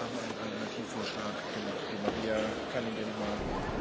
haben einen Alternativvorschlag. Maria kann ihn mal